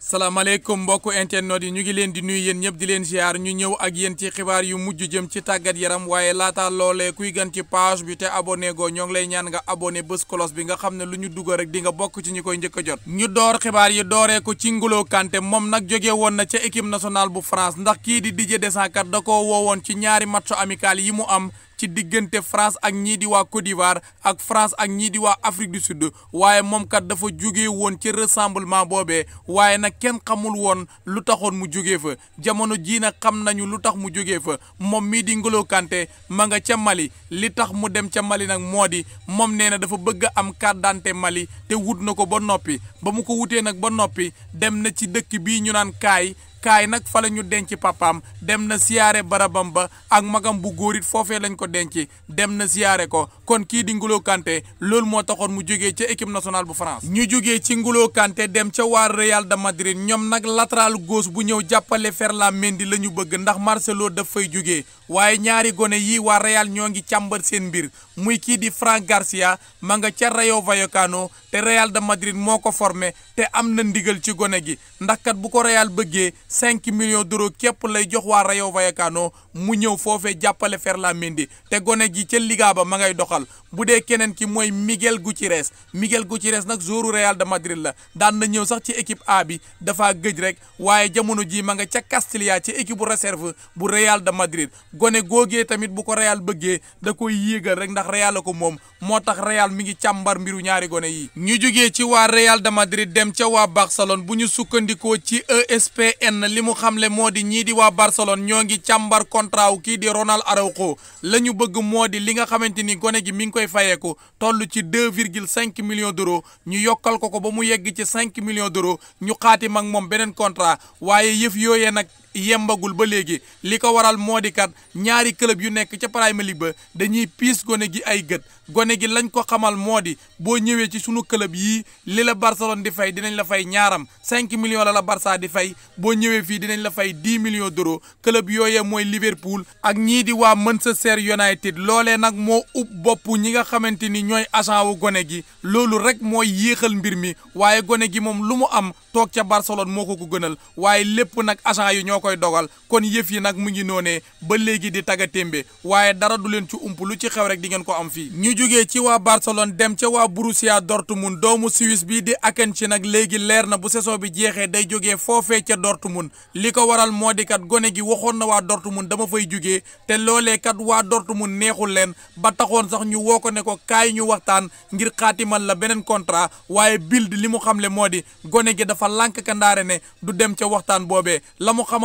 salaamaleykum mbokku internet yi ñu ngi leen di nuyu yéen ñëpp di leen ziar ñu ñëw ak yéen ci xibaar yu mujj jëm ci tàggat yaram waaye laata loole kuy gan ci page bi te abonné goo ñoo ngi lay ñaan nga abonné bés kolos bi nga xam ne lu ñu dugg rek di nga bokk ci ñi koy njëkk a jot ñu door xibaar yi dooree ko ci Ngolo Kanté moom nag jóge woon na ca équipe national bu France ndax kii di Didier Deschamps kat da ko woowoon ci ñaari match amical yi mu am ci diggante France ak ñii di waa Côte d'Ivoire ak France ak ñii di waa Afrique du Sud waaye moom kat dafa jóge woon ci resemblement boobee waaye nag kenn xamul woon lu taxoon mu jóge fa jamono jii nag xam nañu lu tax mu jógee fa moom mii di Ngolo Kanté ma nga ca Mali li tax mu dem ca Mali nag moo di moom nee na dafa bëgg a am carte d'identité Mali te wut na ko ba noppi ba mu ko wutee nag ba noppi dem na ci dëkk bii ñu naan kaay kaay nag fa la ñu denc papaam dem na siyaare barabam ba ak magam bu góor it foofee lañ ko denc dem na siyaare ko kon kii di Ngolo Kanté loolu moo taxoon mu jógee ca équipe nationale bu France. ñu jógee ci Ngolo Kanté dem ca waa Real de Madrid ñoom nag latéral gauche bu ñëw jàppale Ferland Mendy la ñu bëgg ndax Marcelo daf fay jógee waaye ñaari gone yii waa Real ñoo ngi càmbar seen mbir muy kii di Franck Garcia ma nga ca Rayo Vallecano te Real de Madrid moo ko formé te am na ndigal ci gone gi ndax bu ko Real bëggee. cinq million d'euros képp lay jox waa Rayo Vallecano mu ñëw foofee jàppale Ferland-Mendy te gone gi ca Liga ba ma ngay doxal bu dee keneen ki mooy Miguel Gutiérrez Miguel Gutiérrez nag joueur Real de Madrid la daan na ñëw sax ci équipe A bi dafa gëj rek waaye jamono ji ma nga ca Castilla ci équipe bu réserve bu Real de Madrid gone googee tamit bu ko Real bëggee da koy yéegal rek ndax Real la ko moom moo tax Real mi ngi càmbar mbiru ñaari gone yi ñu jugee ci waa Real de Madrid dem ca waa Barcelone bu ñu sukkandikoo ci ESPN na li mu xamle moo di ñii di waa Barcelone ñoo ngi càmbar contrat wu kii di Ronald Araujo la ñu bëgg moo di li nga xamante ni gone gi mi ngi koy fayeeku toll ci deux virgule cinq millions d'euros ñu yokkal ko ko ba mu yegg ci cinq millions d'euros ñu xaati mag moom beneen contrat waaye yëf yooyee nag. yembagul ba léegi li ko waral moo di kat ñaari club yu nekk ca Premier League ba dañuy piis gone gi ay gët gone gi lañ ko xamal moo di boo ñëwee ci sunu club yii li la Barcelone di fay dinañ la fay ñaaram 5 millions la la Barça di fay boo ñëwee fii dinañ la fay 10 millions d'euros club yooyee mooy Liverpool ak ñii di waa Manchester United loolee nag moo ub bopp ñi nga xamante ni ñooy agent wu gone gi loolu rek mooy yéexal mbir mi waaye gone gi moom lu mu am toog ca Barcelone moo ko ko gënal waaye lépp agent yi ñoo ñoo koy dogal kon yëf yi nag mu ngi noonee ba léegi di taga témbe waaye dara du leen ci ump lu ci xew rek di ngeen ko am fii ñu jógee ci waa Barcelone dem ca waa Borussia Dortmund doomu Suisse bi di Akanji nag léegi leer na bu saison bi jeexee day jógee foofee ca mun li ko waral moo di kat gone gi waxoon na waa mun dama fay jógee te loolee kat waa mun neexul leen ba taxoon sax ñu woo ko ne ko kaay ñu waxtaan ngir xaatimal la beneen contrat waaye Bild li mu xamle moo di gone gi dafa lànk kandaare dem waxtaan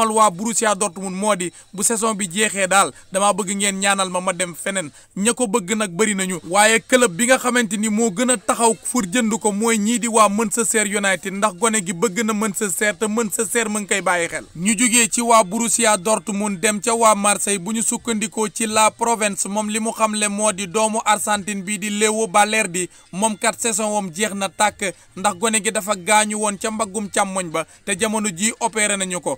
xamal waa Borussia Dortmund moo di bu saison bi jeexee daal damaa bëgg ngeen ñaanal ma ma dem feneen ña ko bëgg nag bëri nañu waaye club bi nga xamante ni moo gën a taxaw fur jënd ko mooy ñii di waa Manchester United ndax gone gi bëgg na mën sa Manchester te Manchester mu ngi koy bàyyi xel ñu jugee ci waa Borussia Dortmund dem ca waa Marseille bu ñu sukkandikoo ci La Provence moom li mu xamle moo di doomu Argentine bii di Léo Balerdi moom kat saison wam jeex na tàkk ndax gone gi dafa gaañu woon ca mbaggum càmmoñ ba te jamono ji opéré nañu ko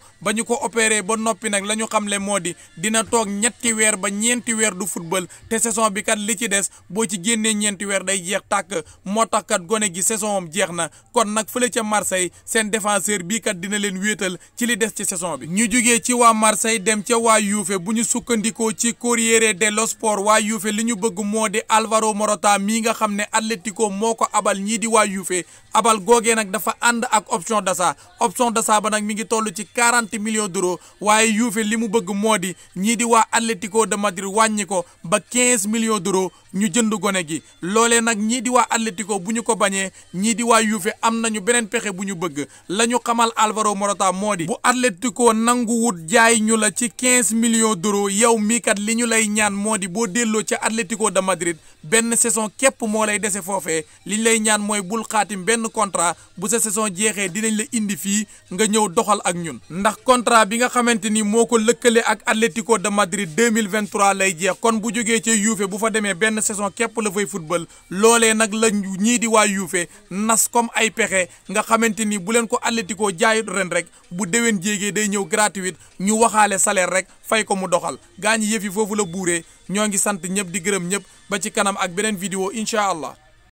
ko ba noppi nag la ñu xamle moo di dina toog ñetti weer ba ñeenti weer du football te saison bi kat li ci des boo ci génnee ñeenti weer day jeex tàkk moo tax kat gone gi saison jeex na kon nag fu fële ca Marseille seen défenseur bii kat dina leen wéetal ci li des ci saison bi. ñu jugee ci waa Marseille dem ca waa Juve bu ñu sukkandikoo ci Corriere dello Sport waa Juve li ñu bëgg moo di Alvaro Morata mii nga xam ne Atlético moo ko abal ñii di waa Juve abal googee nag dafa ànd ak option d'achat ñoo duroo waaye Juve li mu bëgg moo di ñii di waa Atlético de Madrid wàññi ko ba 15 millions d'euros ñu jënd gone gi loolee nag ñii di waa Atlético bu ñu ko bañee ñii di waa Juve am nañu beneen pexe bu ñu bëgg la ñu xamal Alvaro Morata moo di bu Atlético nanguwut jaay ñu la ci quinze millions d'euros yow mii kat li ñu lay ñaan moo di boo delloo ci Atlético de Madrid benn saison képp moo lay dese foofe li ñu lay ñaan mooy bul xaatim benn contrat bu sa saison jeexee dinañ la indi fii nga ñëw doxal ak ñun ndax contrat bi nga xamante ni moo ko lëkkale ak Atlético de Madrid 2023 lay jeex kon bu jógee ca Juve bu fa demee benn saison képp la fay football loolee nag la ñii di waa yuufe nas comme ay pexe nga xamante ni bu leen ko Atlético jaayut ren rek bu deween jéegee day ñëw gratuite ñu waxaale salaire rek fay ko mu doxal ñi yëf yi foofu la buuree ñoo ngi sant ñëpp di gërëm ñëpp ba ci kanam ak beneen vidéo incha allah